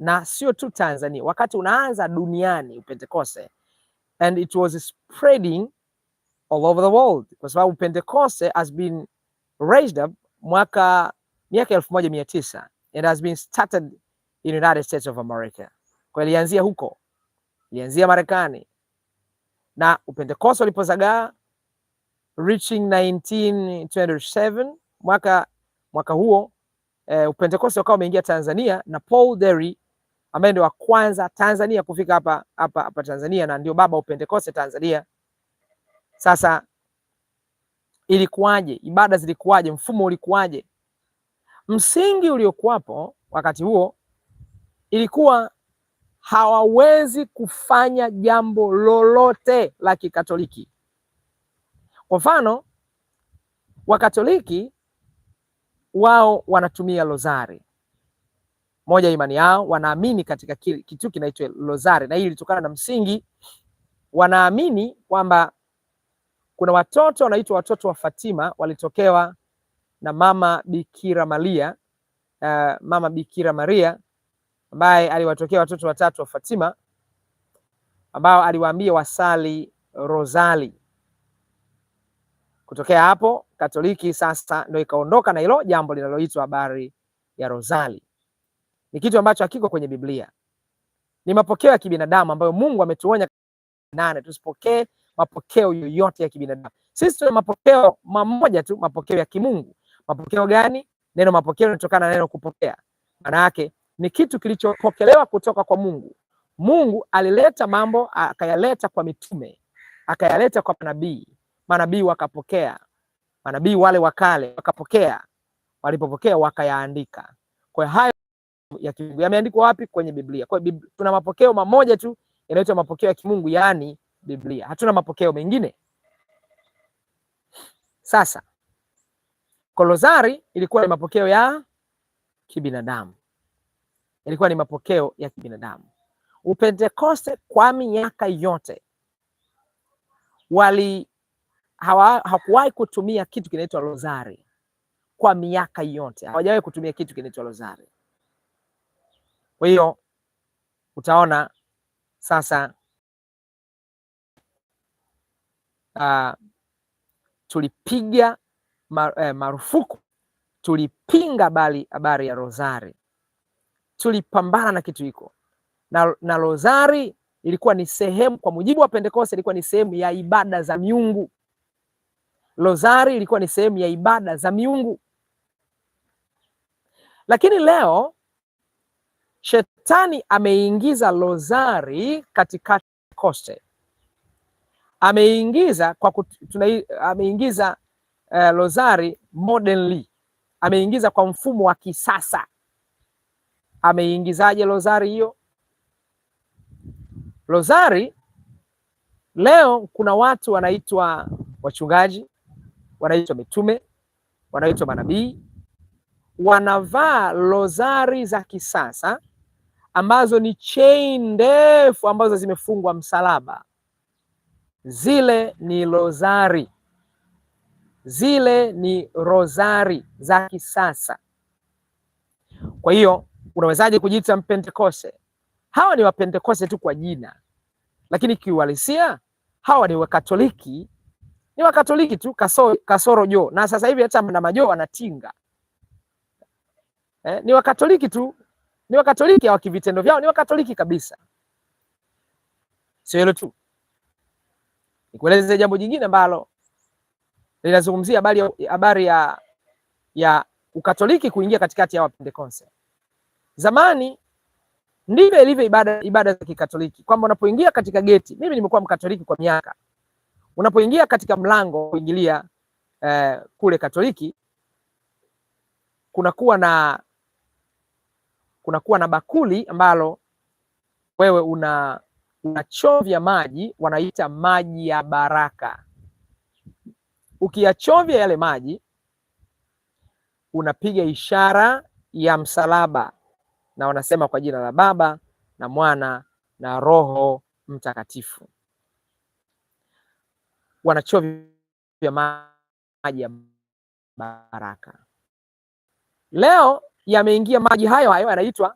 na sio tu Tanzania, wakati unaanza duniani upentekose, and it was spreading all over the world, kwa sababu pentekoste has been raised up mwaka miaka elfu moja mia tisa and has been started in United States of America. Kwa ilianzia huko, ilianzia Marekani na upentekoste ulipozagaa reaching 1927 mwaka mwaka huo eh, upentekoste ukawa umeingia Tanzania na Paul Derry ambaye ndio wa kwanza Tanzania kufika hapa hapa hapa Tanzania na ndio baba upentekoste Tanzania. Sasa ilikuwaje? Ibada zilikuwaje? Mfumo ulikuwaje? Msingi uliokuwapo wakati huo ilikuwa hawawezi kufanya jambo lolote la Kikatoliki. Kwa mfano Wakatoliki wao wanatumia lozari moja imani yao, wanaamini katika kitu kinaitwa lozari, na hii ilitokana na msingi, wanaamini kwamba kuna watoto wanaitwa watoto wa Fatima, walitokewa na mama Bikira Maria, uh, mama Bikira Maria ambaye aliwatokea watoto watatu wa Fatima ambao aliwaambia wasali rozali. Kutokea hapo Katoliki sasa ndio ikaondoka na hilo jambo linaloitwa habari ya rozali ni kitu ambacho hakiko kwenye Biblia, ni mapokeo ya kibinadamu ambayo Mungu ametuonya nane, tusipokee mapokeo yoyote ya kibinadamu. Sisi tuna mapokeo mamoja tu, mapokeo ya kimungu. Mapokeo gani? Neno mapokeo linatokana na neno kupokea, maana yake ni kitu kilichopokelewa kutoka kwa Mungu. Mungu alileta mambo akayaleta kwa mitume, akayaleta kwa manabii, manabii wakapokea, manabii wale wakale wakapokea, walipopokea wakayaandika. Kwa hiyo ya kimungu. Yameandikwa wapi? Kwenye Biblia. Kwa hiyo tuna mapokeo mamoja tu yanaitwa mapokeo ya kimungu, yaani Biblia. Hatuna mapokeo mengine. Sasa Kolozari ilikuwa ni mapokeo ya kibinadamu, ilikuwa ni mapokeo ya kibinadamu. Upentekoste kwa miaka yote wali hakuwahi kutumia kitu kinaitwa rozari. Kwa miaka yote hawajawahi kutumia kitu kinaitwa rozari. Kwa hiyo utaona sasa uh, tulipiga eh, marufuku, tulipinga bali habari ya rozari, tulipambana na kitu hiko na, na rozari ilikuwa ni sehemu, kwa mujibu wa Pentekoste, ilikuwa ni sehemu ya ibada za miungu. Rozari ilikuwa ni sehemu ya ibada za miungu, lakini leo Shetani ameingiza lozari katikati koste, ameingiza kwa tuna, ameingiza uh, lozari modernly, ameingiza kwa mfumo wa kisasa. Ameingizaje lozari hiyo? Lozari leo kuna watu wanaitwa wachungaji, wanaitwa mitume, wanaitwa manabii, wanavaa lozari za kisasa ambazo ni chain ndefu ambazo zimefungwa msalaba, zile ni rozari, zile ni rozari za kisasa. Kwa hiyo unawezaje kujiita Mpentekoste? Hawa ni Wapentekoste tu kwa jina, lakini kiuhalisia hawa ni Wakatoliki, ni Wakatoliki tu kasoro, kasoro joo. Na sasa hivi hata na majo anatinga eh, ni Wakatoliki tu ni Wakatoliki, hawa kivitendo vyao ni Wakatoliki kabisa. Sio hilo tu, nikueleze jambo jingine ambalo linazungumzia habari habari ya ya ukatoliki kuingia katikati ya Wapentekoste. Zamani ndivyo ilivyo ibada ibada za Kikatoliki, kwamba unapoingia katika geti, mimi nimekuwa Mkatoliki kwa miaka, unapoingia katika mlango kuingilia eh, kule Katoliki kunakuwa na kunakuwa na bakuli ambalo wewe una unachovya maji, wanaita maji ya baraka. Ukiyachovya yale maji, unapiga ishara ya msalaba, na wanasema kwa jina la Baba na Mwana na Roho Mtakatifu. Wanachovya maji ya baraka. Leo yameingia maji hayo hayo yanaitwa